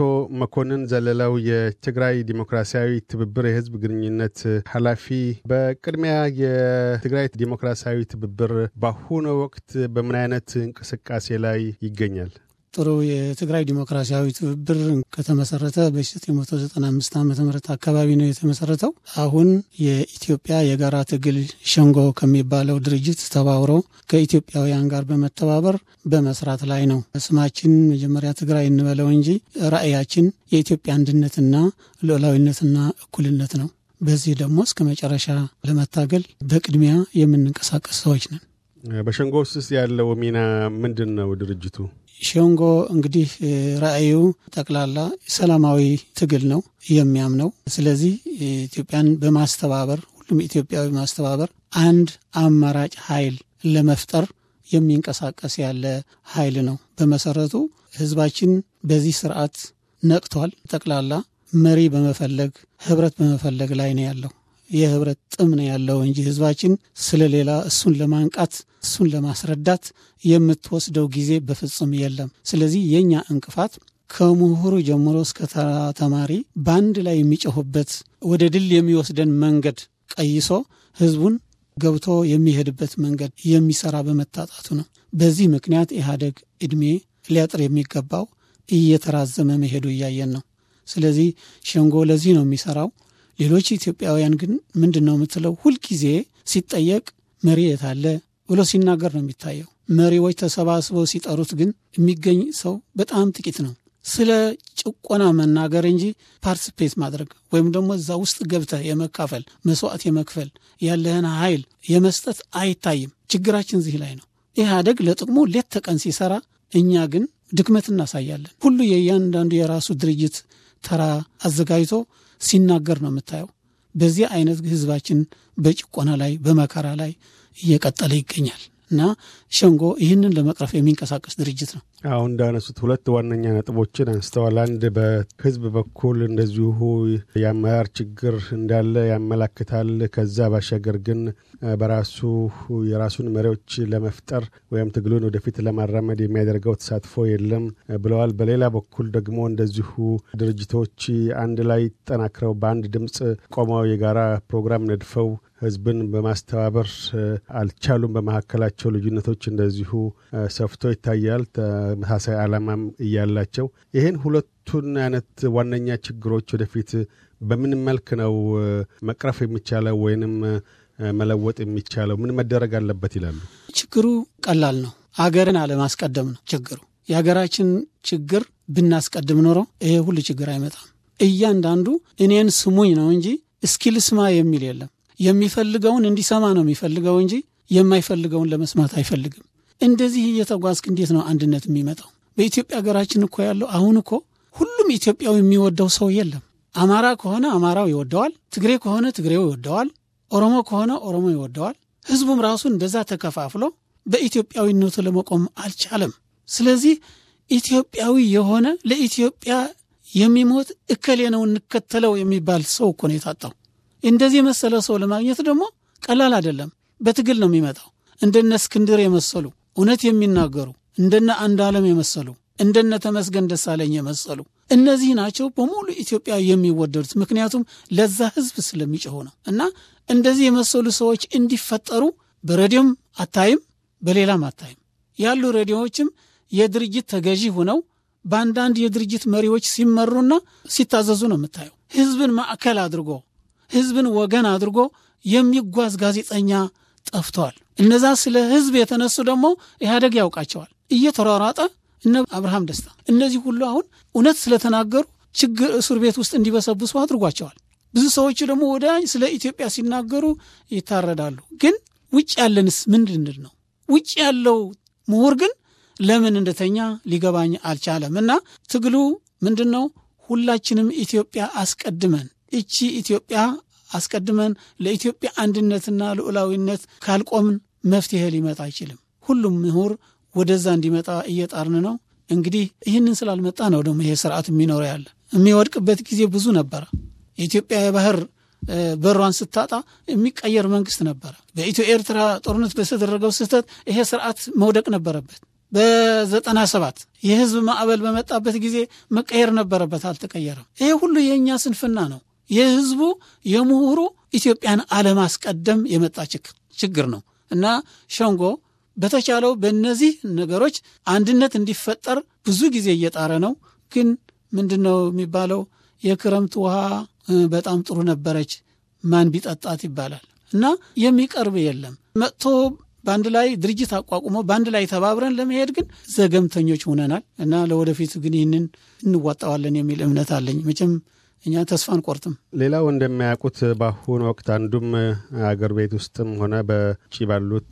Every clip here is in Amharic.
አቶ መኮንን ዘለለው የትግራይ ዲሞክራሲያዊ ትብብር የህዝብ ግንኙነት ኃላፊ፣ በቅድሚያ የትግራይ ዲሞክራሲያዊ ትብብር በአሁኑ ወቅት በምን አይነት እንቅስቃሴ ላይ ይገኛል? ጥሩ የትግራይ ዲሞክራሲያዊ ትብብር ከተመሰረተ በ1995 ዓ ም አካባቢ ነው የተመሰረተው። አሁን የኢትዮጵያ የጋራ ትግል ሸንጎ ከሚባለው ድርጅት ተባብሮ ከኢትዮጵያውያን ጋር በመተባበር በመስራት ላይ ነው። ስማችን መጀመሪያ ትግራይ እንበለው እንጂ ራዕያችን የኢትዮጵያ አንድነትና ልዕላዊነትና እኩልነት ነው። በዚህ ደግሞ እስከ መጨረሻ ለመታገል በቅድሚያ የምንንቀሳቀስ ሰዎች ነን። በሸንጎ ውስጥ ያለው ሚና ምንድን ነው? ድርጅቱ ሸንጎ እንግዲህ ራእዩ ጠቅላላ ሰላማዊ ትግል ነው የሚያምነው። ስለዚህ ኢትዮጵያን በማስተባበር ሁሉም ኢትዮጵያዊ ማስተባበር አንድ አማራጭ ኃይል ለመፍጠር የሚንቀሳቀስ ያለ ኃይል ነው። በመሰረቱ ህዝባችን በዚህ ስርዓት ነቅቷል። ጠቅላላ መሪ በመፈለግ ህብረት በመፈለግ ላይ ነው ያለው። የህብረት ጥም ነው ያለው እንጂ ህዝባችን ስለሌላ እሱን ለማንቃት እሱን ለማስረዳት የምትወስደው ጊዜ በፍጹም የለም። ስለዚህ የእኛ እንቅፋት ከምሁሩ ጀምሮ እስከ ተማሪ በአንድ ላይ የሚጮሁበት ወደ ድል የሚወስደን መንገድ ቀይሶ ህዝቡን ገብቶ የሚሄድበት መንገድ የሚሰራ በመታጣቱ ነው። በዚህ ምክንያት ኢህአደግ እድሜ ሊያጥር የሚገባው እየተራዘመ መሄዱ እያየን ነው። ስለዚህ ሸንጎ ለዚህ ነው የሚሰራው። ሌሎች ኢትዮጵያውያን ግን ምንድን ነው የምትለው? ሁልጊዜ ሲጠየቅ መሪ የት አለ ብሎ ሲናገር ነው የሚታየው። መሪዎች ተሰባስበው ሲጠሩት ግን የሚገኝ ሰው በጣም ጥቂት ነው። ስለ ጭቆና መናገር እንጂ ፓርቲስፔት ማድረግ ወይም ደግሞ እዛ ውስጥ ገብተህ የመካፈል መስዋዕት የመክፈል ያለህን ኃይል የመስጠት አይታይም። ችግራችን እዚህ ላይ ነው። ኢህአደግ ለጥቅሙ ሌት ተቀን ሲሰራ፣ እኛ ግን ድክመት እናሳያለን። ሁሉ የእያንዳንዱ የራሱ ድርጅት ተራ አዘጋጅቶ ሲናገር ነው የምታየው። በዚህ አይነት ህዝባችን በጭቆና ላይ በመከራ ላይ እየቀጠለ ይገኛል እና ሸንጎ ይህንን ለመቅረፍ የሚንቀሳቀስ ድርጅት ነው። አሁን እንዳነሱት ሁለት ዋነኛ ነጥቦችን አንስተዋል። አንድ በህዝብ በኩል እንደዚሁ የአመራር ችግር እንዳለ ያመላክታል። ከዛ ባሻገር ግን በራሱ የራሱን መሪዎች ለመፍጠር ወይም ትግሉን ወደፊት ለማራመድ የሚያደርገው ተሳትፎ የለም ብለዋል። በሌላ በኩል ደግሞ እንደዚሁ ድርጅቶች አንድ ላይ ጠናክረው በአንድ ድምፅ ቆመው የጋራ ፕሮግራም ነድፈው ህዝብን በማስተባበር አልቻሉም። በመካከላቸው ልዩነቶች እንደዚሁ ሰፍቶ ይታያል። ተመሳሳይ ዓላማም እያላቸው ይህን ሁለቱን አይነት ዋነኛ ችግሮች ወደፊት በምን መልክ ነው መቅረፍ የሚቻለው ወይንም መለወጥ የሚቻለው? ምን መደረግ አለበት ይላሉ? ችግሩ ቀላል ነው። አገርን አለማስቀደም ነው ችግሩ። የሀገራችን ችግር ብናስቀድም ኖሮ ይሄ ሁሉ ችግር አይመጣም። እያንዳንዱ እኔን ስሙኝ ነው እንጂ እስኪ ልስማ የሚል የለም። የሚፈልገውን እንዲሰማ ነው የሚፈልገው እንጂ የማይፈልገውን ለመስማት አይፈልግም። እንደዚህ እየተጓዝክ እንዴት ነው አንድነት የሚመጣው? በኢትዮጵያ ሀገራችን እኮ ያለው አሁን እኮ ሁሉም ኢትዮጵያዊ የሚወደው ሰው የለም። አማራ ከሆነ አማራው ይወደዋል፣ ትግሬ ከሆነ ትግሬው ይወደዋል፣ ኦሮሞ ከሆነ ኦሮሞ ይወደዋል። ህዝቡም ራሱ እንደዛ ተከፋፍሎ በኢትዮጵያዊነቱ ለመቆም አልቻለም። ስለዚህ ኢትዮጵያዊ የሆነ ለኢትዮጵያ የሚሞት እከሌ ነው እንከተለው የሚባል ሰው እኮ ነው የታጣው። እንደዚህ የመሰለ ሰው ለማግኘት ደግሞ ቀላል አይደለም፣ በትግል ነው የሚመጣው። እንደነ እስክንድር የመሰሉ እውነት የሚናገሩ እንደነ አንድ ዓለም የመሰሉ እንደነ ተመስገን ደሳለኝ የመሰሉ እነዚህ ናቸው በሙሉ ኢትዮጵያ የሚወደዱት። ምክንያቱም ለዛ ህዝብ ስለሚጮሆ ነው። እና እንደዚህ የመሰሉ ሰዎች እንዲፈጠሩ በሬዲዮም አታይም፣ በሌላም አታይም። ያሉ ሬዲዮዎችም የድርጅት ተገዢ ሆነው በአንዳንድ የድርጅት መሪዎች ሲመሩና ሲታዘዙ ነው የምታየው። ህዝብን ማዕከል አድርጎ ህዝብን ወገን አድርጎ የሚጓዝ ጋዜጠኛ ጠፍተዋል። እነዛ ስለ ህዝብ የተነሱ ደግሞ ኢህአደግ ያውቃቸዋል እየተሯሯጠ እነ አብርሃም ደስታ እነዚህ ሁሉ አሁን እውነት ስለተናገሩ ችግር እስር ቤት ውስጥ እንዲበሰብሱ አድርጓቸዋል። ብዙ ሰዎች ደግሞ ወደ ስለ ኢትዮጵያ ሲናገሩ ይታረዳሉ። ግን ውጭ ያለንስ ምንድንድ ነው? ውጭ ያለው ምሁር ግን ለምን እንደተኛ ሊገባኝ አልቻለም። እና ትግሉ ምንድን ነው? ሁላችንም ኢትዮጵያ አስቀድመን እቺ ኢትዮጵያ አስቀድመን ለኢትዮጵያ አንድነትና ልዑላዊነት ካልቆምን መፍትሄ ሊመጣ አይችልም። ሁሉም ምሁር ወደዛ እንዲመጣ እየጣርን ነው። እንግዲህ ይህንን ስላልመጣ ነው ደግሞ ይሄ ስርዓት የሚኖረ ያለ የሚወድቅበት ጊዜ ብዙ ነበረ። የኢትዮጵያ የባህር በሯን ስታጣ የሚቀየር መንግስት ነበረ። በኢትዮ ኤርትራ ጦርነት በተደረገው ስህተት ይሄ ስርዓት መውደቅ ነበረበት። በዘጠና ሰባት የህዝብ ማዕበል በመጣበት ጊዜ መቀየር ነበረበት፣ አልተቀየረም። ይሄ ሁሉ የእኛ ስንፍና ነው። የህዝቡ የምሁሩ ኢትዮጵያን አለማስቀደም የመጣ ችግር ነው እና ሸንጎ በተቻለው በእነዚህ ነገሮች አንድነት እንዲፈጠር ብዙ ጊዜ እየጣረ ነው። ግን ምንድን ነው የሚባለው? የክረምት ውሃ በጣም ጥሩ ነበረች፣ ማን ቢጠጣት ይባላል እና የሚቀርብ የለም መጥቶ በአንድ ላይ ድርጅት አቋቁሞ በአንድ ላይ ተባብረን ለመሄድ ግን ዘገምተኞች ሆነናል እና ለወደፊቱ ግን ይህንን እንዋጣዋለን የሚል እምነት አለኝ መቼም እኛ ተስፋ አንቆርጥም። ሌላው እንደሚያውቁት በአሁኑ ወቅት አንዱም አገር ቤት ውስጥም ሆነ በውጭ ባሉት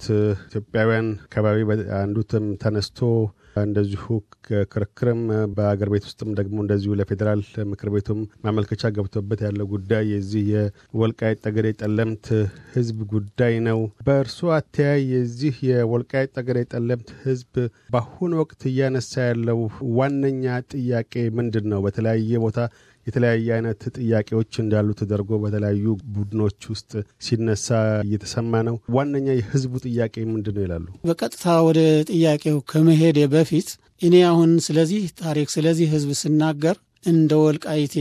ኢትዮጵያውያን አካባቢ አንዱትም ተነስቶ እንደዚሁ ክርክርም በአገር ቤት ውስጥም ደግሞ እንደዚሁ ለፌዴራል ምክር ቤቱም ማመልከቻ ገብቶበት ያለው ጉዳይ የዚህ የወልቃይት ጠገዴ ጠለምት ሕዝብ ጉዳይ ነው። በእርሱ አተያይ የዚህ የወልቃይት ጠገዴ ጠለምት ሕዝብ በአሁኑ ወቅት እያነሳ ያለው ዋነኛ ጥያቄ ምንድን ነው? በተለያየ ቦታ የተለያየ አይነት ጥያቄዎች እንዳሉ ተደርጎ በተለያዩ ቡድኖች ውስጥ ሲነሳ እየተሰማ ነው። ዋነኛ የህዝቡ ጥያቄ ምንድን ነው ይላሉ። በቀጥታ ወደ ጥያቄው ከመሄድ በፊት እኔ አሁን ስለዚህ ታሪክ ስለዚህ ህዝብ ስናገር እንደ ወልቃይቴ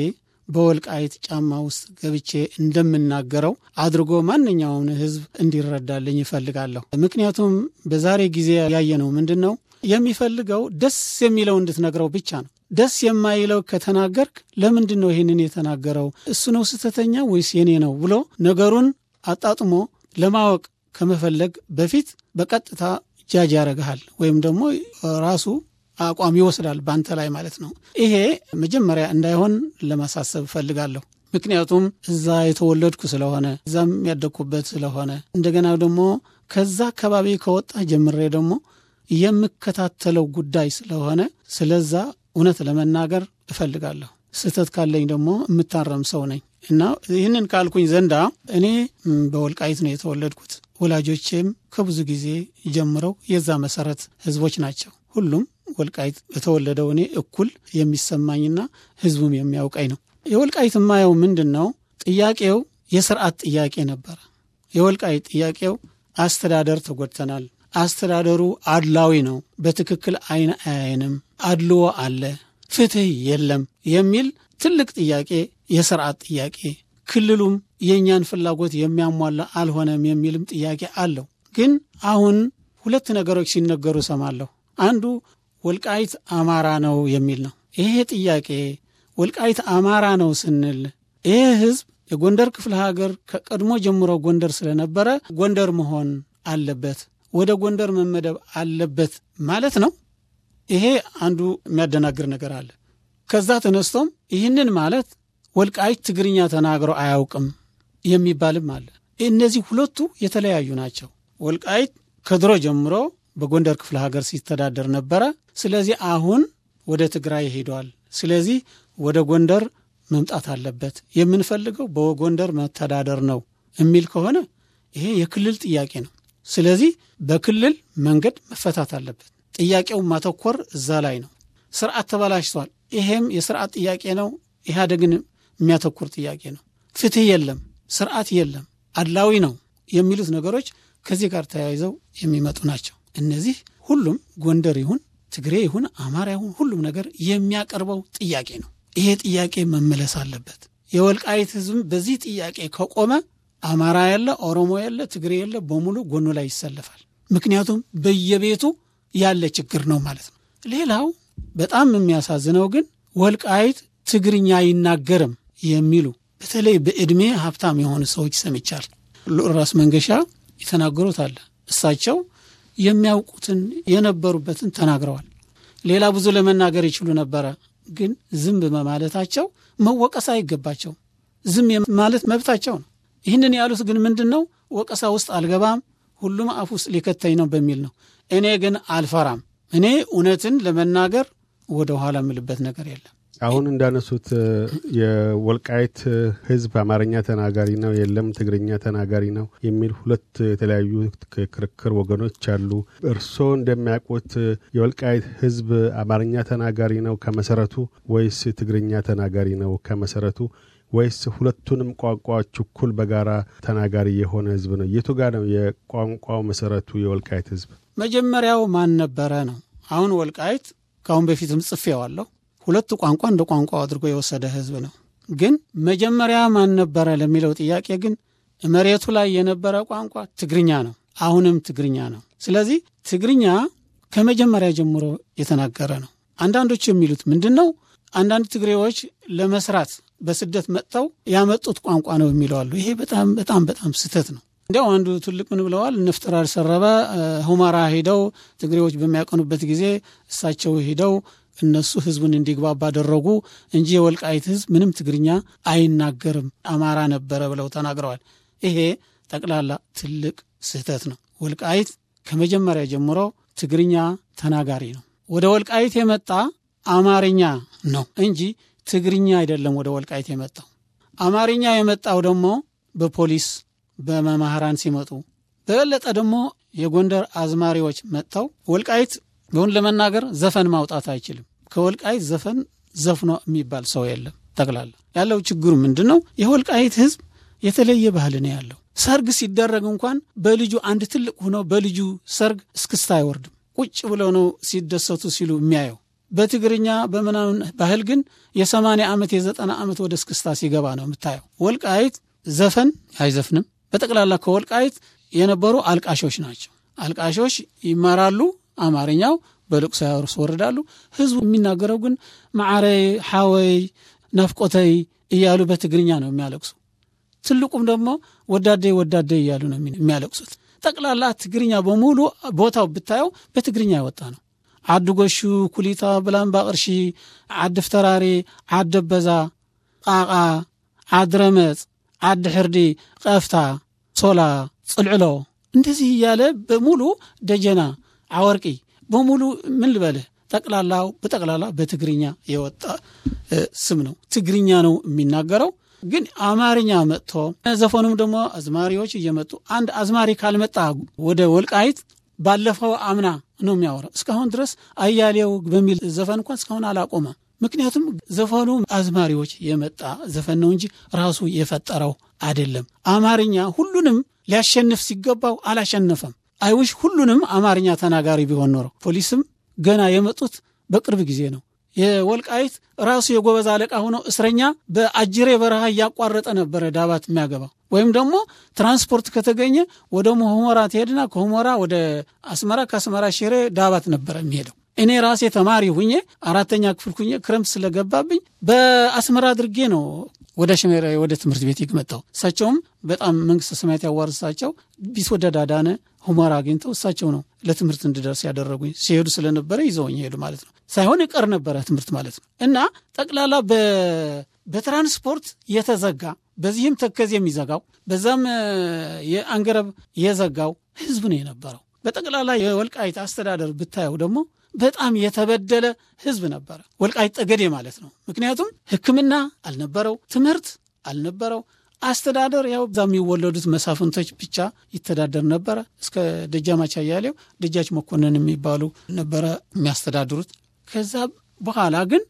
በወልቃይት ጫማ ውስጥ ገብቼ እንደምናገረው አድርጎ ማንኛውም ህዝብ እንዲረዳልኝ ይፈልጋለሁ። ምክንያቱም በዛሬ ጊዜ ያየነው ምንድን ነው የሚፈልገው ደስ የሚለው እንድትነግረው ብቻ ነው። ደስ የማይለው ከተናገርክ ለምንድን ነው ይህንን የተናገረው? እሱ ነው ስህተተኛ ወይስ የኔ ነው ብሎ ነገሩን አጣጥሞ ለማወቅ ከመፈለግ በፊት በቀጥታ ጃጅ ያደርግሃል ወይም ደግሞ ራሱ አቋም ይወስዳል በአንተ ላይ ማለት ነው። ይሄ መጀመሪያ እንዳይሆን ለማሳሰብ እፈልጋለሁ። ምክንያቱም እዛ የተወለድኩ ስለሆነ እዛም ያደግኩበት ስለሆነ እንደገና ደግሞ ከዛ አካባቢ ከወጣ ጀምሬ ደግሞ የምከታተለው ጉዳይ ስለሆነ ስለዛ እውነት ለመናገር እፈልጋለሁ። ስህተት ካለኝ ደግሞ የምታረም ሰው ነኝ እና ይህንን ካልኩኝ ዘንዳ እኔ በወልቃይት ነው የተወለድኩት። ወላጆቼም ከብዙ ጊዜ ጀምረው የዛ መሰረት ህዝቦች ናቸው። ሁሉም ወልቃይት የተወለደው እኔ እኩል የሚሰማኝና ህዝቡም የሚያውቀኝ ነው። የወልቃይት የማየው ምንድን ነው? ጥያቄው የስርዓት ጥያቄ ነበረ። የወልቃይት ጥያቄው አስተዳደር ተጎድተናል፣ አስተዳደሩ አድላዊ ነው፣ በትክክል አይን አያይንም፣ አድልዎ አለ፣ ፍትህ የለም የሚል ትልቅ ጥያቄ፣ የስርዓት ጥያቄ ክልሉም የእኛን ፍላጎት የሚያሟላ አልሆነም የሚልም ጥያቄ አለው። ግን አሁን ሁለት ነገሮች ሲነገሩ ሰማለሁ። አንዱ ወልቃይት አማራ ነው የሚል ነው። ይሄ ጥያቄ ወልቃይት አማራ ነው ስንል ይሄ ህዝብ የጎንደር ክፍለ ሀገር ከቀድሞ ጀምሮ ጎንደር ስለነበረ ጎንደር መሆን አለበት ወደ ጎንደር መመደብ አለበት ማለት ነው። ይሄ አንዱ የሚያደናግር ነገር አለ። ከዛ ተነስቶም ይህንን ማለት ወልቃይት ትግርኛ ተናግሮ አያውቅም የሚባልም አለ። እነዚህ ሁለቱ የተለያዩ ናቸው። ወልቃይት ከድሮ ጀምሮ በጎንደር ክፍለ ሀገር ሲተዳደር ነበረ። ስለዚህ አሁን ወደ ትግራይ ሄደዋል። ስለዚህ ወደ ጎንደር መምጣት አለበት፣ የምንፈልገው በጎንደር መተዳደር ነው የሚል ከሆነ ይሄ የክልል ጥያቄ ነው። ስለዚህ በክልል መንገድ መፈታት አለበት። ጥያቄው ማተኮር እዛ ላይ ነው። ስርዓት ተበላሽቷል። ይሄም የስርዓት ጥያቄ ነው። ኢህአደግን የሚያተኩር ጥያቄ ነው። ፍትህ የለም፣ ስርዓት የለም፣ አድላዊ ነው የሚሉት ነገሮች ከዚህ ጋር ተያይዘው የሚመጡ ናቸው። እነዚህ ሁሉም ጎንደር ይሁን ትግሬ ይሁን አማራ ይሁን ሁሉም ነገር የሚያቀርበው ጥያቄ ነው። ይሄ ጥያቄ መመለስ አለበት። የወልቃይት ህዝብም በዚህ ጥያቄ ከቆመ አማራ ያለ ኦሮሞ ያለ ትግሬ ያለ በሙሉ ጎኑ ላይ ይሰለፋል። ምክንያቱም በየቤቱ ያለ ችግር ነው ማለት ነው። ሌላው በጣም የሚያሳዝነው ግን ወልቃይት ትግርኛ አይናገርም የሚሉ በተለይ በዕድሜ ሀብታም የሆኑ ሰዎች ሰምቻል። ልዑል ራስ መንገሻ የተናገሩት አለ። እሳቸው የሚያውቁትን የነበሩበትን ተናግረዋል። ሌላ ብዙ ለመናገር ይችሉ ነበረ፣ ግን ዝም በማለታቸው መወቀስ አይገባቸውም። ዝም ማለት መብታቸው ነው። ይህንን ያሉት ግን ምንድን ነው? ወቀሳ ውስጥ አልገባም፣ ሁሉም አፍ ውስጥ ሊከተኝ ነው በሚል ነው። እኔ ግን አልፈራም። እኔ እውነትን ለመናገር ወደ ኋላ የምልበት ነገር የለም። አሁን እንዳነሱት የወልቃይት ሕዝብ አማርኛ ተናጋሪ ነው፣ የለም ትግርኛ ተናጋሪ ነው የሚል ሁለት የተለያዩ ክርክር ወገኖች አሉ። እርስዎ እንደሚያውቁት የወልቃይት ሕዝብ አማርኛ ተናጋሪ ነው ከመሰረቱ ወይስ ትግርኛ ተናጋሪ ነው ከመሰረቱ? ወይስ ሁለቱንም ቋንቋዎች እኩል በጋራ ተናጋሪ የሆነ ህዝብ ነው? የቱ ጋር ነው የቋንቋው መሰረቱ? የወልቃይት ህዝብ መጀመሪያው ማን ነበረ ነው። አሁን ወልቃይት ከአሁን በፊትም ጽፌዋለሁ፣ ሁለቱ ቋንቋ እንደ ቋንቋው አድርጎ የወሰደ ህዝብ ነው። ግን መጀመሪያ ማን ነበረ ለሚለው ጥያቄ ግን መሬቱ ላይ የነበረ ቋንቋ ትግርኛ ነው። አሁንም ትግርኛ ነው። ስለዚህ ትግርኛ ከመጀመሪያ ጀምሮ የተናገረ ነው። አንዳንዶች የሚሉት ምንድን ነው አንዳንድ ትግሬዎች ለመስራት በስደት መጥተው ያመጡት ቋንቋ ነው የሚለዋሉ። ይሄ በጣም በጣም በጣም ስህተት ነው። እንዲያው አንዱ ትልቅ ምን ብለዋል? ነፍጠራር ሰረበ ሁመራ ሂደው ትግሬዎች በሚያቀኑበት ጊዜ እሳቸው ሂደው እነሱ ህዝቡን እንዲግባባ አደረጉ እንጂ የወልቃይት ህዝብ ምንም ትግርኛ አይናገርም አማራ ነበረ ብለው ተናግረዋል። ይሄ ጠቅላላ ትልቅ ስህተት ነው። ወልቃይት ከመጀመሪያ ጀምሮ ትግርኛ ተናጋሪ ነው። ወደ ወልቃይት የመጣ አማርኛ ነው እንጂ ትግርኛ አይደለም ወደ ወልቃይት የመጣው። አማርኛ የመጣው ደግሞ በፖሊስ በመምህራን ሲመጡ፣ በበለጠ ደግሞ የጎንደር አዝማሪዎች መጥተው ወልቃይት በሁን ለመናገር ዘፈን ማውጣት አይችልም። ከወልቃይት ዘፈን ዘፍኖ የሚባል ሰው የለም። ጠቅላላ ያለው ችግሩ ምንድን ነው? የወልቃይት ህዝብ የተለየ ባህል ነው ያለው። ሰርግ ሲደረግ እንኳን በልጁ አንድ ትልቅ ሆኖ በልጁ ሰርግ እስክስታ አይወርድም። ቁጭ ብለው ነው ሲደሰቱ ሲሉ የሚያየው በትግርኛ በምናምን ባህል ግን የሰማንያ ዓመት የዘጠና ዓመት ወደ እስክስታ ሲገባ ነው የምታየው። ወልቃይት ዘፈን አይዘፍንም። በጠቅላላ ከወልቃይት የነበሩ አልቃሾች ናቸው። አልቃሾች ይማራሉ፣ አማርኛው በልቅሶ ወርዳሉ ህዝቡ የሚናገረው ግን ማዕረይ ሓወይ ናፍቆተይ እያሉ በትግርኛ ነው የሚያለቅሱ። ትልቁም ደግሞ ወዳደይ ወዳደይ እያሉ ነው የሚያለቅሱት። ጠቅላላ ትግርኛ በሙሉ ቦታው ብታየው በትግርኛ የወጣ ነው። ዓዲ ጎሹ ኩሊታ ብላምባ ቅርሺ ዓዲ ፍተራሪ ዓዲ ኣበዛ ቃቃ ዓዲ ረመፅ ዓዲ ሕርዲ ቀፍታ ሶላ ፅልዕሎ እንደዚህ እያለ ብሙሉእ ደጀና ዓወርቂ ብሙሉእ ምን ልበልህ ጠቅላላው በጠቅላላ በትግርኛ የወጣ ስም ነው። ትግርኛ ነው የሚናገረው። ግን ኣማርኛ መጥቶ ዘፈኑም ደሞ አዝማሪዎች እየመጡ አንድ አዝማሪ ካልመጣ ወደ ወልቃይት ባለፈው አምና ነው የሚያወራው። እስካሁን ድረስ አያሌው በሚል ዘፈን እንኳን እስካሁን አላቆመ። ምክንያቱም ዘፈኑ አዝማሪዎች የመጣ ዘፈን ነው እንጂ ራሱ የፈጠረው አይደለም። አማርኛ ሁሉንም ሊያሸንፍ ሲገባው አላሸነፈም። አይውሽ ሁሉንም አማርኛ ተናጋሪ ቢሆን ኖረው። ፖሊስም ገና የመጡት በቅርብ ጊዜ ነው። የወልቃይት ራሱ የጎበዝ አለቃ ሆነው እስረኛ በአጅሬ በረሃ እያቋረጠ ነበረ ዳባት የሚያገባው ወይም ደግሞ ትራንስፖርት ከተገኘ ወደ ሁመራ ትሄድና ከሁመራ ወደ አስመራ ከአስመራ ሽሬ ዳባት ነበረ የሚሄደው። እኔ ራሴ ተማሪ ሁኜ አራተኛ ክፍል ሁኜ ክረምት ስለገባብኝ በአስመራ አድርጌ ነው ወደ ሽሜራ ወደ ትምህርት ቤት ይመጣው። እሳቸውም በጣም መንግስተ ሰማያት ያዋርሳቸው ቢስወደድ አዳነ ሁመራ አግኝተው እሳቸው ነው ለትምህርት እንድደርስ ያደረጉኝ። ሲሄዱ ስለነበረ ይዘውኝ ሄዱ ማለት ነው። ሳይሆን የቀር ነበረ ትምህርት ማለት ነው። እና ጠቅላላ በትራንስፖርት የተዘጋ በዚህም ተከዝ የሚዘጋው በዛም የአንገረብ የዘጋው ህዝብ ነው የነበረው። በጠቅላላ የወልቃይት አስተዳደር ብታየው ደግሞ በጣም የተበደለ ህዝብ ነበረ፣ ወልቃይት ጠገዴ ማለት ነው። ምክንያቱም ሕክምና አልነበረው፣ ትምህርት አልነበረው። አስተዳደር ያው እዛ የሚወለዱት መሳፍንቶች ብቻ ይተዳደር ነበረ። እስከ ደጃማች አያሌው፣ ደጃች መኮንን የሚባሉ ነበረ የሚያስተዳድሩት። ከዛ በኋላ ግን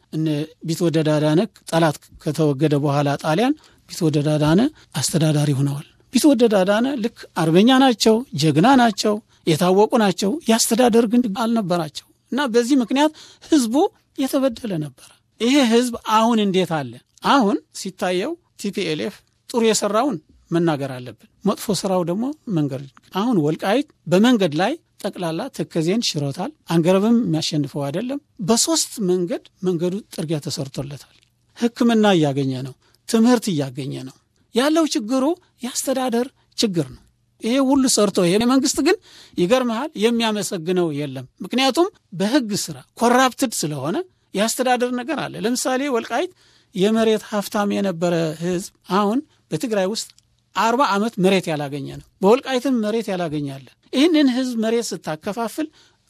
ቢትወደድ አዳነ ጠላት ከተወገደ በኋላ ጣሊያን ቢትወደድ አዳነ አስተዳዳሪ ሆነዋል። ቢትወደድ አዳነ ልክ አርበኛ ናቸው፣ ጀግና ናቸው፣ የታወቁ ናቸው። የአስተዳደር ግን አልነበራቸው እና በዚህ ምክንያት ህዝቡ የተበደለ ነበረ። ይሄ ህዝብ አሁን እንዴት አለ? አሁን ሲታየው ቲፒኤልኤፍ ጥሩ የሰራውን መናገር አለብን፣ መጥፎ ስራው ደግሞ መንገድ። አሁን ወልቃይት በመንገድ ላይ ጠቅላላ ተከዜን ሽሮታል። አንገረብም የሚያሸንፈው አይደለም። በሶስት መንገድ መንገዱ ጥርጊያ ተሰርቶለታል። ህክምና እያገኘ ነው። ትምህርት እያገኘ ነው። ያለው ችግሩ የአስተዳደር ችግር ነው። ይሄ ሁሉ ሰርቶ ይሄ መንግስት ግን ይገርመሃል የሚያመሰግነው የለም። ምክንያቱም በህግ ስራ ኮራፕትድ ስለሆነ የአስተዳደር ነገር አለ። ለምሳሌ ወልቃይት የመሬት ሀብታም የነበረ ህዝብ አሁን በትግራይ ውስጥ አርባ ዓመት መሬት ያላገኘ ነው። በወልቃይትም መሬት ያላገኛለ። ይህንን ህዝብ መሬት ስታከፋፍል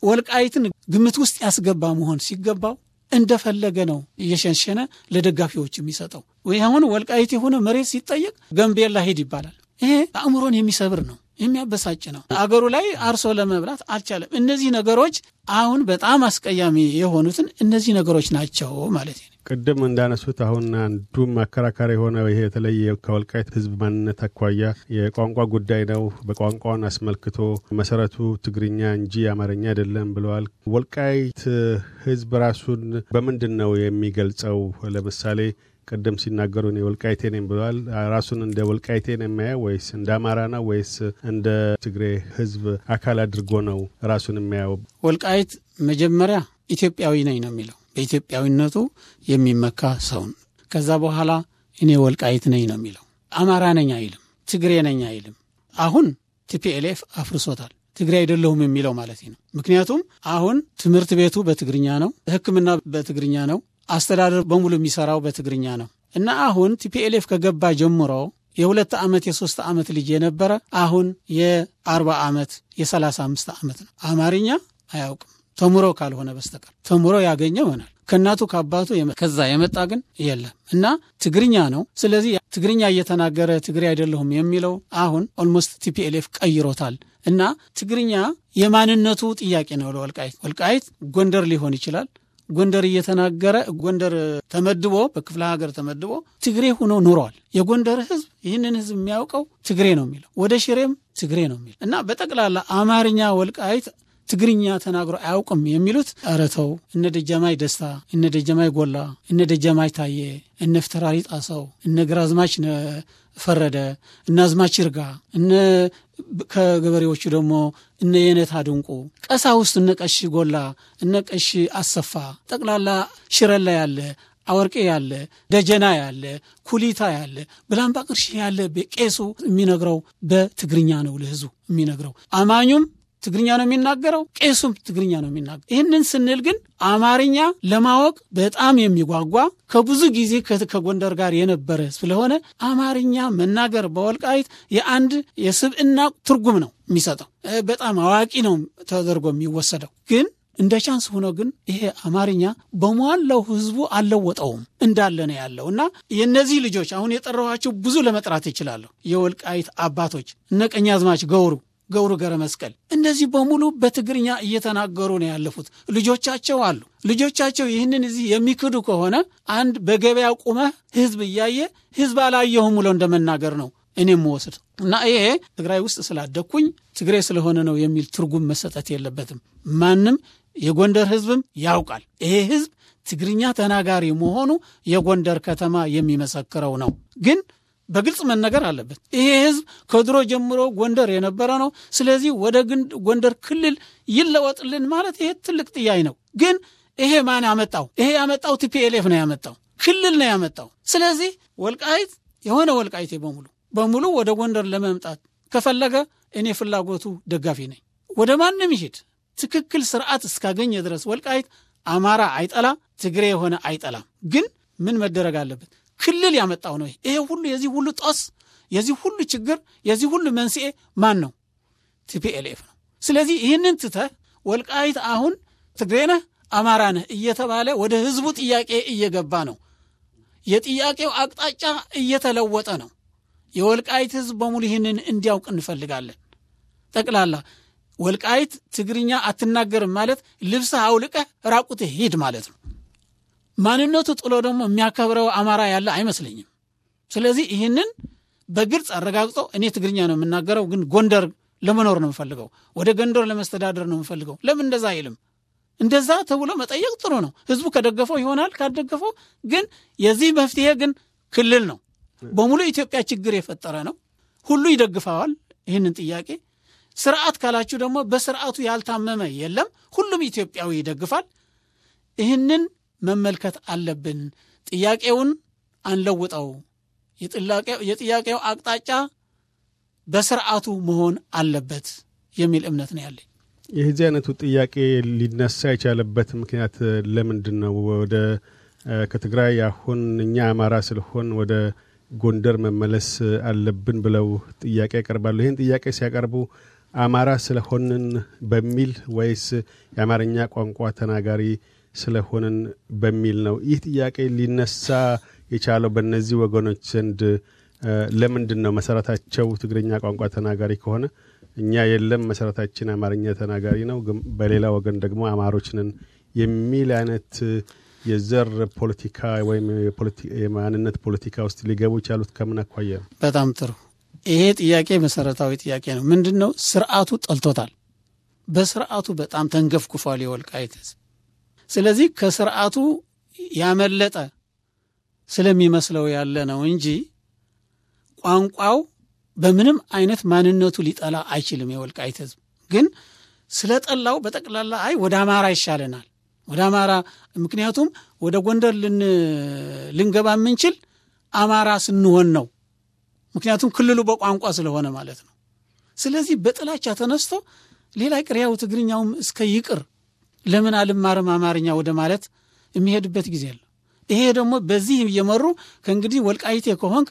ወልቃይትን ግምት ውስጥ ያስገባ መሆን ሲገባው እንደፈለገ ነው እየሸንሸነ ለደጋፊዎች የሚሰጠው። ወይ አሁን ወልቃይት የሆነ መሬት ሲጠየቅ ገንቤላ ሂድ ይባላል። ይሄ አእምሮን የሚሰብር ነው፣ የሚያበሳጭ ነው። አገሩ ላይ አርሶ ለመብላት አልቻለም። እነዚህ ነገሮች አሁን በጣም አስቀያሚ የሆኑትን እነዚህ ነገሮች ናቸው ማለት ነው። ቅድም እንዳነሱት አሁን አንዱም አከራካሪ የሆነ ይሄ የተለየ ከወልቃይት ህዝብ ማንነት አኳያ የቋንቋ ጉዳይ ነው። በቋንቋን አስመልክቶ መሰረቱ ትግርኛ እንጂ አማርኛ አይደለም ብለዋል። ወልቃይት ህዝብ ራሱን በምንድን ነው የሚገልጸው? ለምሳሌ ቅድም ሲናገሩ እኔ ወልቃይቴ ነኝ ብለዋል። ራሱን እንደ ወልቃይቴ ነው የሚያየው ወይስ እንደ አማራ ነው ወይስ እንደ ትግሬ ህዝብ አካል አድርጎ ነው ራሱን የሚያየው? ወልቃይት መጀመሪያ ኢትዮጵያዊ ነኝ ነው የሚለው በኢትዮጵያዊነቱ የሚመካ ሰው ነው። ከዛ በኋላ እኔ ወልቃይት ነኝ ነው የሚለው። አማራ ነኝ አይልም፣ ትግሬ ነኝ አይልም። አሁን ቲፒኤልኤፍ አፍርሶታል። ትግሬ አይደለሁም የሚለው ማለት ነው። ምክንያቱም አሁን ትምህርት ቤቱ በትግርኛ ነው፣ ሕክምና በትግርኛ ነው፣ አስተዳደር በሙሉ የሚሰራው በትግርኛ ነው እና አሁን ቲፒኤልኤፍ ከገባ ጀምሮ የሁለት ዓመት የሶስት ዓመት ልጅ የነበረ አሁን የአርባ ዓመት የሰላሳ አምስት ዓመት ነው። አማርኛ አያውቅም። ተምሮ ካልሆነ በስተቀር ተምሮ ያገኘ ይሆናል። ከእናቱ ከአባቱ ከዛ የመጣ ግን የለም እና ትግርኛ ነው። ስለዚህ ትግርኛ እየተናገረ ትግሬ አይደለሁም የሚለው አሁን ኦልሞስት ቲፒኤልኤፍ ቀይሮታል እና ትግርኛ የማንነቱ ጥያቄ ነው ለወልቃይት። ወልቃይት ጎንደር ሊሆን ይችላል ጎንደር እየተናገረ ጎንደር ተመድቦ በክፍለ ሀገር ተመድቦ ትግሬ ሆኖ ኑረዋል። የጎንደር ህዝብ ይህንን ህዝብ የሚያውቀው ትግሬ ነው የሚለው፣ ወደ ሽሬም ትግሬ ነው የሚለው እና በጠቅላላ አማርኛ ወልቃይት ትግርኛ ተናግሮ አያውቅም የሚሉት አረተው እነ ደጃማይ ደስታ፣ እነ ደጃማይ ጎላ፣ እነ ደጃማይ ታየ፣ እነ ፍተራሪ ጣሰው፣ እነ ግራዝማች ፈረደ፣ እነ አዝማች ይርጋ፣ እነ ከገበሬዎቹ ደግሞ እነ የነታ ድንቁ፣ ቀሳውስት እነ ቀሺ ጎላ፣ እነ ቀሺ አሰፋ፣ ጠቅላላ ሽረላ ያለ አወርቄ ያለ ደጀና ያለ ኩሊታ ያለ ብላምባ ቅርሺ ያለ ቄሱ የሚነግረው በትግርኛ ነው። ለህዝቡ የሚነግረው አማኙም ትግርኛ ነው የሚናገረው፣ ቄሱም ትግርኛ ነው የሚናገረው። ይህንን ስንል ግን አማርኛ ለማወቅ በጣም የሚጓጓ ከብዙ ጊዜ ከጎንደር ጋር የነበረ ስለሆነ አማርኛ መናገር በወልቃይት የአንድ የስብዕና ትርጉም ነው የሚሰጠው። በጣም አዋቂ ነው ተደርጎ የሚወሰደው ግን እንደ ቻንስ ሆኖ ግን ይሄ አማርኛ በሟላው ህዝቡ አልለወጠውም እንዳለ ነው ያለው እና የእነዚህ ልጆች አሁን የጠራኋቸው ብዙ ለመጥራት ይችላለሁ። የወልቃይት አባቶች እነ ቀኛዝማች ገውሩ ገብሩ ገረ መስቀል እነዚህ በሙሉ በትግርኛ እየተናገሩ ነው ያለፉት። ልጆቻቸው አሉ። ልጆቻቸው ይህንን እዚህ የሚክዱ ከሆነ አንድ በገበያ ቁመህ ህዝብ እያየ ህዝብ አላየሁም ብሎ እንደመናገር ነው እኔ የምወስድ እና ይሄ ትግራይ ውስጥ ስላደግኩኝ ትግሬ ስለሆነ ነው የሚል ትርጉም መሰጠት የለበትም። ማንም የጎንደር ህዝብም ያውቃል። ይሄ ህዝብ ትግርኛ ተናጋሪ መሆኑ የጎንደር ከተማ የሚመሰክረው ነው ግን በግልጽ መነገር አለበት። ይሄ ህዝብ ከድሮ ጀምሮ ጎንደር የነበረ ነው። ስለዚህ ወደ ጎንደር ክልል ይለወጥልን ማለት ይሄ ትልቅ ጥያቄ ነው። ግን ይሄ ማን ያመጣው? ይሄ ያመጣው ቲፒኤልኤፍ ነው ያመጣው፣ ክልል ነው ያመጣው። ስለዚህ ወልቃይት የሆነ ወልቃይቴ በሙሉ በሙሉ ወደ ጎንደር ለመምጣት ከፈለገ እኔ ፍላጎቱ ደጋፊ ነኝ። ወደ ማንም ይሄድ ትክክል ስርዓት እስካገኘ ድረስ ወልቃይት አማራ አይጠላ፣ ትግሬ የሆነ አይጠላም። ግን ምን መደረግ አለበት? ክልል ያመጣው ነው። ይሄ ሁሉ የዚህ ሁሉ ጦስ፣ የዚህ ሁሉ ችግር፣ የዚህ ሁሉ መንስኤ ማን ነው? ቲፒኤልኤፍ ነው። ስለዚህ ይህንን ትተህ ወልቃይት አሁን ትግሬ ነህ፣ አማራ ነህ እየተባለ ወደ ህዝቡ ጥያቄ እየገባ ነው። የጥያቄው አቅጣጫ እየተለወጠ ነው። የወልቃይት ህዝብ በሙሉ ይህንን እንዲያውቅ እንፈልጋለን። ጠቅላላ ወልቃይት ትግርኛ አትናገርም ማለት ልብስህ አውልቀህ ራቁትህ ሂድ ማለት ነው። ማንነቱ ጥሎ ደግሞ የሚያከብረው አማራ ያለ አይመስለኝም። ስለዚህ ይህንን በግልጽ አረጋግጦ እኔ ትግርኛ ነው የምናገረው፣ ግን ጎንደር ለመኖር ነው የምፈልገው፣ ወደ ጎንደር ለመስተዳደር ነው የምፈልገው። ለምን እንደዛ አይልም? እንደዛ ተብሎ መጠየቅ ጥሩ ነው። ህዝቡ ከደገፈው ይሆናል፣ ካልደገፈው ግን የዚህ መፍትሄ ግን ክልል ነው። በሙሉ ኢትዮጵያ ችግር የፈጠረ ነው። ሁሉ ይደግፈዋል ይህንን ጥያቄ። ስርዓት ካላችሁ ደግሞ በስርዓቱ ያልታመመ የለም፣ ሁሉም ኢትዮጵያዊ ይደግፋል። ይህንን መመልከት አለብን። ጥያቄውን አንለውጠው። የጥያቄው አቅጣጫ በስርዓቱ መሆን አለበት የሚል እምነት ነው ያለኝ። የዚህ አይነቱ ጥያቄ ሊነሳ የቻለበት ምክንያት ለምንድን ነው? ወደ ከትግራይ አሁን እኛ አማራ ስለሆን ወደ ጎንደር መመለስ አለብን ብለው ጥያቄ ያቀርባሉ። ይህን ጥያቄ ሲያቀርቡ አማራ ስለሆንን በሚል ወይስ የአማርኛ ቋንቋ ተናጋሪ ስለሆንን በሚል ነው። ይህ ጥያቄ ሊነሳ የቻለው በእነዚህ ወገኖች ዘንድ ለምንድን ነው? መሰረታቸው ትግርኛ ቋንቋ ተናጋሪ ከሆነ እኛ የለም መሰረታችን አማርኛ ተናጋሪ ነው፣ በሌላ ወገን ደግሞ አማሮች ነን የሚል አይነት የዘር ፖለቲካ ወይም የማንነት ፖለቲካ ውስጥ ሊገቡ ቻሉት ከምን አኳያ ነው? በጣም ጥሩ። ይሄ ጥያቄ መሰረታዊ ጥያቄ ነው። ምንድን ነው ስርዓቱ ጠልቶታል። በስርዓቱ በጣም ተንገፍኩፏል የወልቃይት ህዝብ ስለዚህ ከስርዓቱ ያመለጠ ስለሚመስለው ያለ ነው እንጂ ቋንቋው በምንም አይነት ማንነቱ ሊጠላ አይችልም። የወልቃይት ህዝብ ግን ስለ ጠላው በጠቅላላ አይ ወደ አማራ ይሻለናል ወደ አማራ ምክንያቱም ወደ ጎንደር ልንገባ የምንችል አማራ ስንሆን ነው። ምክንያቱም ክልሉ በቋንቋ ስለሆነ ማለት ነው። ስለዚህ በጥላቻ ተነስቶ ሌላ ቅሪያው ትግርኛውም እስከ ይቅር ለምን አልማርም አማርኛ ወደ ማለት የሚሄድበት ጊዜ አለ። ይሄ ደግሞ በዚህ እየመሩ ከእንግዲህ ወልቃይቴ ከሆንክ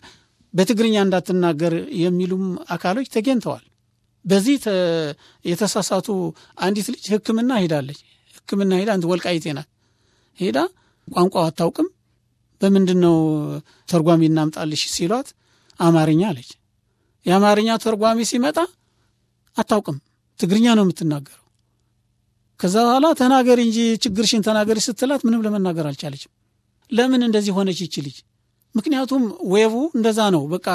በትግርኛ እንዳትናገር የሚሉም አካሎች ተገኝተዋል። በዚህ የተሳሳቱ አንዲት ልጅ ሕክምና ሄዳለች። ሕክምና ሄዳ አንድ ወልቃይቴ ናት። ሄዳ ቋንቋ አታውቅም። በምንድን ነው ተርጓሚ እናምጣልሽ ሲሏት አማርኛ አለች። የአማርኛ ተርጓሚ ሲመጣ አታውቅም፣ ትግርኛ ነው የምትናገረው። ከዛ በኋላ ተናገሪ እንጂ ችግርሽን ተናገሪ ስትላት ምንም ለመናገር አልቻለችም። ለምን እንደዚህ ሆነች ይች ልጅ? ምክንያቱም ዌቡ እንደዛ ነው። በቃ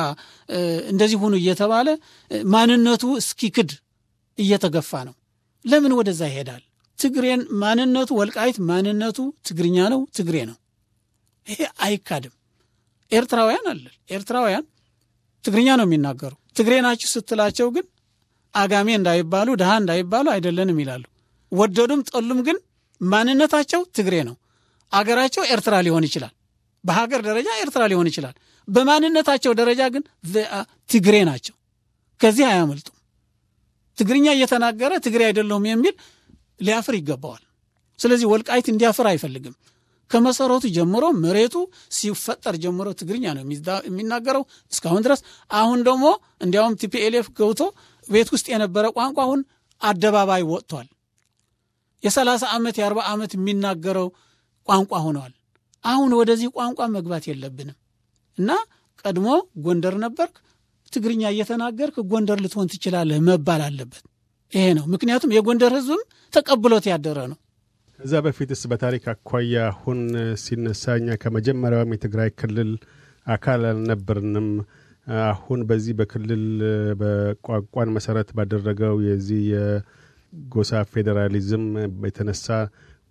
እንደዚህ ሁኑ እየተባለ ማንነቱ እስኪክድ እየተገፋ ነው። ለምን ወደዛ ይሄዳል? ትግሬን ማንነቱ ወልቃይት ማንነቱ ትግርኛ ነው፣ ትግሬ ነው። ይሄ አይካድም። ኤርትራውያን አለ ኤርትራውያን ትግርኛ ነው የሚናገሩ። ትግሬ ናችሁ ስትላቸው ግን አጋሜ እንዳይባሉ ድሃ እንዳይባሉ አይደለንም ይላሉ። ወደዱም ጠሉም ግን ማንነታቸው ትግሬ ነው። አገራቸው ኤርትራ ሊሆን ይችላል። በሀገር ደረጃ ኤርትራ ሊሆን ይችላል። በማንነታቸው ደረጃ ግን ትግሬ ናቸው። ከዚህ አያመልጡም። ትግርኛ እየተናገረ ትግሬ አይደለሁም የሚል ሊያፍር ይገባዋል። ስለዚህ ወልቃይት እንዲያፍር አይፈልግም። ከመሰረቱ ጀምሮ መሬቱ ሲፈጠር ጀምሮ ትግርኛ ነው የሚናገረው እስካሁን ድረስ። አሁን ደግሞ እንዲያውም ቲፒኤልኤፍ ገብቶ ቤት ውስጥ የነበረ ቋንቋ አሁን አደባባይ ወጥቷል። የሰላሳ ዓመት የአርባ ዓመት የሚናገረው ቋንቋ ሆነዋል። አሁን ወደዚህ ቋንቋ መግባት የለብንም እና ቀድሞ ጎንደር ነበርክ ትግርኛ እየተናገርክ ጎንደር ልትሆን ትችላለህ መባል አለበት። ይሄ ነው። ምክንያቱም የጎንደር ህዝብም ተቀብሎት ያደረ ነው። ከዛ በፊትስ በታሪክ አኳያ አሁን ሲነሳ እኛ ከመጀመሪያውም የትግራይ ክልል አካል አልነበርንም። አሁን በዚህ በክልል በቋንቋን መሰረት ባደረገው የዚህ ጎሳ ፌዴራሊዝም የተነሳ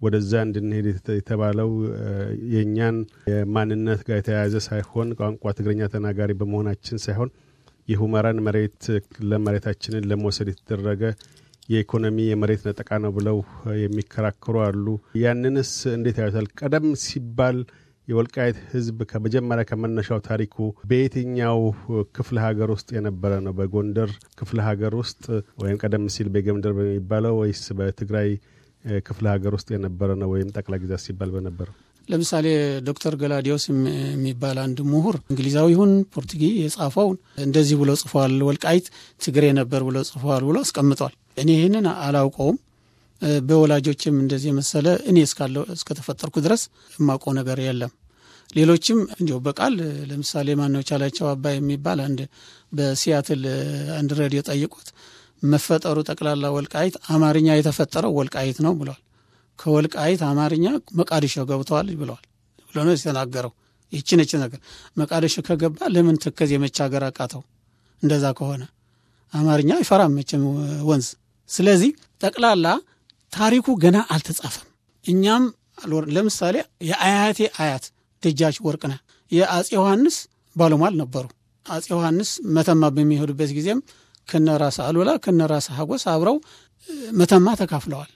ወደዛ እንድንሄድ የተባለው የእኛን የማንነት ጋር የተያያዘ ሳይሆን ቋንቋ ትግረኛ ተናጋሪ በመሆናችን ሳይሆን የሁመራን መሬት ለመሬታችንን ለመውሰድ የተደረገ የኢኮኖሚ የመሬት ነጠቃ ነው ብለው የሚከራከሩ አሉ። ያንንስ እንዴት ያዩታል? ቀደም ሲባል የወልቃይት ህዝብ ከመጀመሪያ ከመነሻው ታሪኩ በየትኛው ክፍለ ሀገር ውስጥ የነበረ ነው? በጎንደር ክፍለ ሀገር ውስጥ ወይም ቀደም ሲል በጌምድር በሚባለው ወይስ በትግራይ ክፍለ ሀገር ውስጥ የነበረ ነው? ወይም ጠቅላይ ግዛት ሲባል በነበረው ለምሳሌ ዶክተር ገላዲዮስ የሚባል አንድ ምሁር ይሁን ፖርቱጊ የጻፈውን እንደዚህ ብሎ ጽፏል። ወልቃይት ትግሬ ነበር ብሎ ጽፏል ብሎ አስቀምጧል። እኔ ይህንን አላውቀውም። በወላጆችም እንደዚህ የመሰለ እኔ እስካለው እስከተፈጠርኩ ድረስ የማውቀው ነገር የለም። ሌሎችም እንዲሁ በቃል ለምሳሌ ማነው ቻላቸው አባይ የሚባል አንድ በሲያትል አንድ ሬዲዮ ጠይቁት መፈጠሩ ጠቅላላ ወልቃይት አማርኛ የተፈጠረው ወልቃይት ነው ብለዋል። ከወልቃይት አማርኛ መቃዲሾ ገብተዋል ብለዋል ብሎ ነው የተናገረው። ይችን ነገር መቃዲሾ ከገባ ለምን የመቻ ሀገር አቃተው? እንደዛ ከሆነ አማርኛ አይፈራም መቼም ወንዝ። ስለዚህ ጠቅላላ ታሪኩ ገና አልተጻፈም። እኛም ለምሳሌ የአያቴ አያት ደጃች ነ የአጼ ዮሐንስ ባለሟል ነበሩ። አጼ ዮሐንስ መተማ በሚሄዱበት ጊዜም ከነራስ አሉላ ከነራስ ሀጎስ አብረው መተማ ተካፍለዋል።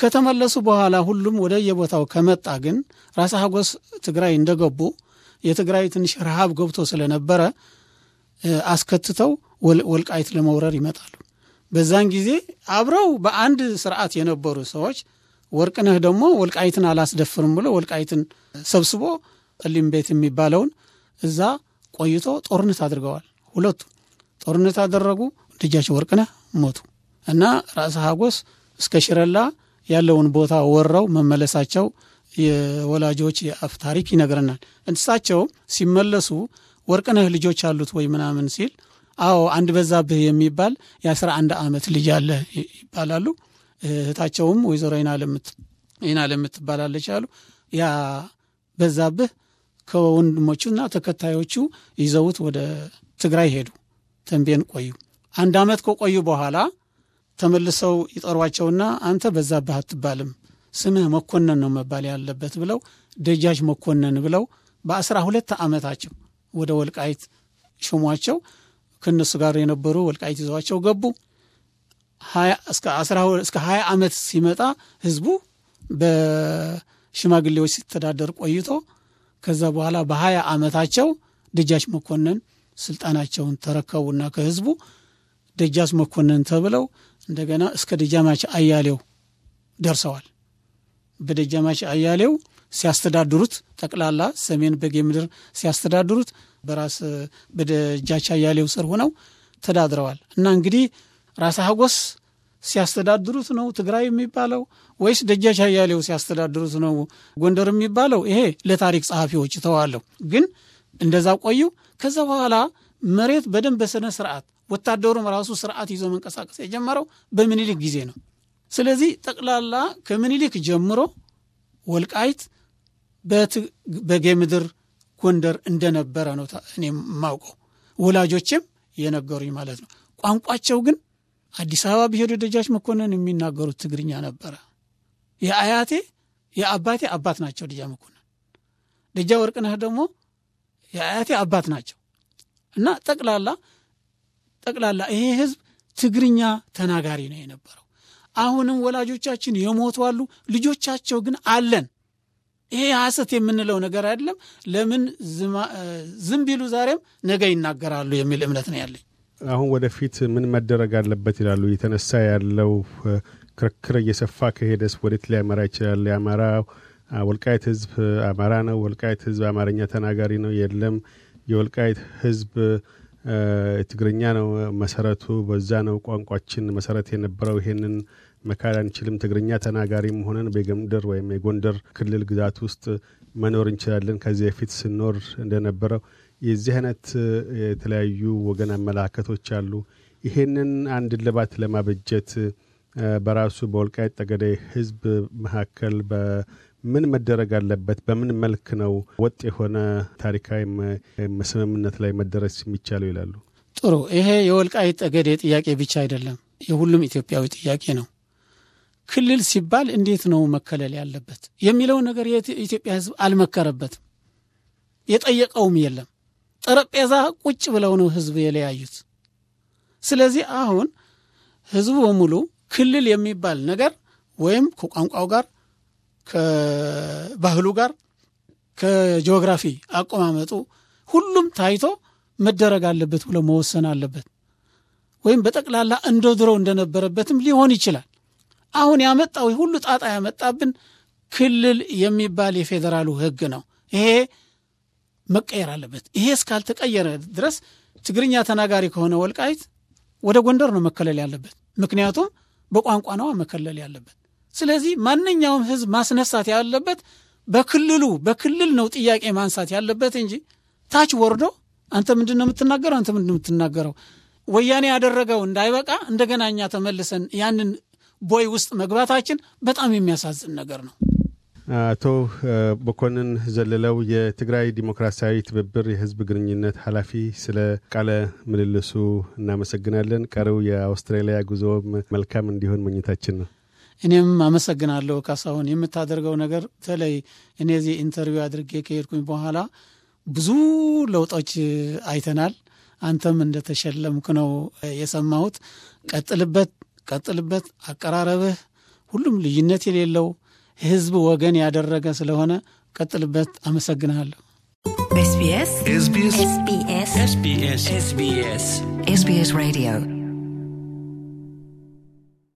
ከተመለሱ በኋላ ሁሉም ወደ የቦታው ከመጣ ግን ራስ ሀጎስ ትግራይ እንደገቡ የትግራይ ትንሽ ረሃብ ገብቶ ስለነበረ አስከትተው ወልቃይት ለመውረር ይመጣሉ። በዛን ጊዜ አብረው በአንድ ስርዓት የነበሩ ሰዎች ወርቅነህ ደግሞ ወልቃይትን አላስደፍርም ብሎ ወልቃይትን ሰብስቦ ጠሊም ቤት የሚባለውን እዛ ቆይቶ ጦርነት አድርገዋል። ሁለቱ ጦርነት አደረጉ። ልጃቸው ወርቅነህ ሞቱ እና ራስ ሀጎስ እስከ ሽረላ ያለውን ቦታ ወረው መመለሳቸው የወላጆች የአፍ ታሪክ ይነግረናል። እንስሳቸው ሲመለሱ ወርቅነህ ልጆች አሉት ወይ ምናምን ሲል አዎ አንድ በዛብህ የሚባል የአስራ አንድ ዓመት ልጅ አለ ይባላሉ። እህታቸውም ወይዘሮ ይናል የምትባላለች አሉ ያ በዛብህ ከወንድሞቹና ተከታዮቹ ይዘውት ወደ ትግራይ ሄዱ ተንቤን ቆዩ አንድ አመት ከቆዩ በኋላ ተመልሰው ይጠሯቸውና አንተ በዛብህ አትባልም ስምህ መኮነን ነው መባል ያለበት ብለው ደጃጅ መኮነን ብለው በአስራ ሁለት ዓመታቸው ወደ ወልቃይት ሾሟቸው ከእነሱ ጋር የነበሩ ወልቃይት ይዘዋቸው ገቡ እስከ ሀያ ዓመት ሲመጣ ህዝቡ በሽማግሌዎች ሲተዳደር ቆይቶ ከዛ በኋላ በሀያ ዓመታቸው ደጃች መኮንን ስልጣናቸውን ተረከቡና ከህዝቡ ደጃች መኮንን ተብለው እንደገና እስከ ደጃማች አያሌው ደርሰዋል። በደጃማች አያሌው ሲያስተዳድሩት ጠቅላላ ሰሜን በጌ ምድር ሲያስተዳድሩት በራስ በደጃች አያሌው ስር ሆነው ተዳድረዋል እና እንግዲህ ራስ ሀጎስ ሲያስተዳድሩት ነው ትግራይ የሚባለው ወይስ ደጃች አያሌው ሲያስተዳድሩት ነው ጎንደር የሚባለው? ይሄ ለታሪክ ጸሐፊዎች ተዋለሁ። ግን እንደዛ ቆዩ። ከዛ በኋላ መሬት በደንብ በስነ ስርዓት ወታደሩም ራሱ ስርዓት ይዞ መንቀሳቀስ የጀመረው በምኒልክ ጊዜ ነው። ስለዚህ ጠቅላላ ከምኒልክ ጀምሮ ወልቃይት ምድር ጎንደር እንደነበረ ነው እኔ የማውቀው ወላጆችም የነገሩኝ ማለት ነው። ቋንቋቸው ግን አዲስ አበባ ብሄዶ ደጃች መኮንን የሚናገሩት ትግርኛ ነበረ። የአያቴ የአባቴ አባት ናቸው ደጃ መኮንን። ደጃ ወርቅነህ ደግሞ የአያቴ አባት ናቸው እና ጠቅላላ ጠቅላላ ይሄ ህዝብ ትግርኛ ተናጋሪ ነው የነበረው። አሁንም ወላጆቻችን የሞቱ አሉ፣ ልጆቻቸው ግን አለን። ይሄ ሐሰት የምንለው ነገር አይደለም። ለምን ዝም ቢሉ ዛሬም ነገ ይናገራሉ የሚል እምነት ነው ያለኝ። አሁን ወደፊት ምን መደረግ አለበት ይላሉ? የተነሳ ያለው ክርክር እየሰፋ ከሄደስ ወዴት ሊያመራ ይችላል? የአማራ ወልቃይት ህዝብ አማራ ነው? ወልቃይት ህዝብ አማርኛ ተናጋሪ ነው? የለም? የወልቃይት ህዝብ ትግርኛ ነው መሰረቱ፣ በዛ ነው ቋንቋችን መሰረት የነበረው። ይሄንን መካድ አንችልም። ትግርኛ ተናጋሪ ሆነን በጎንደር ወይም የጎንደር ክልል ግዛት ውስጥ መኖር እንችላለን ከዚህ በፊት ስኖር እንደነበረው የዚህ አይነት የተለያዩ ወገን አመላከቶች አሉ። ይሄንን አንድ ልባት ለማበጀት በራሱ በወልቃይት ጠገዴ ህዝብ መካከል በምን መደረግ አለበት? በምን መልክ ነው ወጥ የሆነ ታሪካዊ መስምምነት ላይ መደረስ የሚቻለው ይላሉ። ጥሩ። ይሄ የወልቃይት ጠገዴ ጥያቄ ብቻ አይደለም፣ የሁሉም ኢትዮጵያዊ ጥያቄ ነው። ክልል ሲባል እንዴት ነው መከለል ያለበት የሚለውን ነገር የኢትዮጵያ ህዝብ አልመከረበትም፣ የጠየቀውም የለም። ጠረጴዛ ቁጭ ብለው ነው ህዝብ የለያዩት። ስለዚህ አሁን ህዝቡ በሙሉ ክልል የሚባል ነገር ወይም ከቋንቋው ጋር ከባህሉ ጋር ከጂኦግራፊ አቆማመጡ ሁሉም ታይቶ መደረግ አለበት ብሎ መወሰን አለበት። ወይም በጠቅላላ እንደ ድሮ እንደነበረበትም ሊሆን ይችላል። አሁን ያመጣው ሁሉ ጣጣ ያመጣብን ክልል የሚባል የፌዴራሉ ህግ ነው። ይሄ መቀየር አለበት። ይሄ እስካልተቀየረ ድረስ ትግርኛ ተናጋሪ ከሆነ ወልቃይት ወደ ጎንደር ነው መከለል ያለበት። ምክንያቱም በቋንቋ ነዋ መከለል ያለበት። ስለዚህ ማንኛውም ህዝብ ማስነሳት ያለበት በክልሉ በክልል ነው ጥያቄ ማንሳት ያለበት እንጂ ታች ወርዶ አንተ ምንድን ነው የምትናገረው? አንተ ምንድን ነው የምትናገረው? ወያኔ ያደረገው እንዳይበቃ እንደገና እኛ ተመልሰን ያንን ቦይ ውስጥ መግባታችን በጣም የሚያሳዝን ነገር ነው። አቶ መኮንን ዘለለው የትግራይ ዲሞክራሲያዊ ትብብር የህዝብ ግንኙነት ኃላፊ፣ ስለ ቃለ ምልልሱ እናመሰግናለን። ቀሪው የአውስትራሊያ ጉዞም መልካም እንዲሆን መኝታችን ነው። እኔም አመሰግናለሁ ካሳሁን፣ የምታደርገው ነገር በተለይ እኔ ዚህ ኢንተርቪው አድርጌ ከሄድኩኝ በኋላ ብዙ ለውጦች አይተናል። አንተም እንደተሸለምክ ነው የሰማሁት። ቀጥልበት፣ ቀጥልበት። አቀራረብህ ሁሉም ልዩነት የሌለው የህዝብ ወገን ያደረገ ስለሆነ ቀጥልበት። አመሰግናለሁ። ኤስቢኤስ ኤስቢኤስ ኤስቢኤስ ኤስቢኤስ ሬዲዮ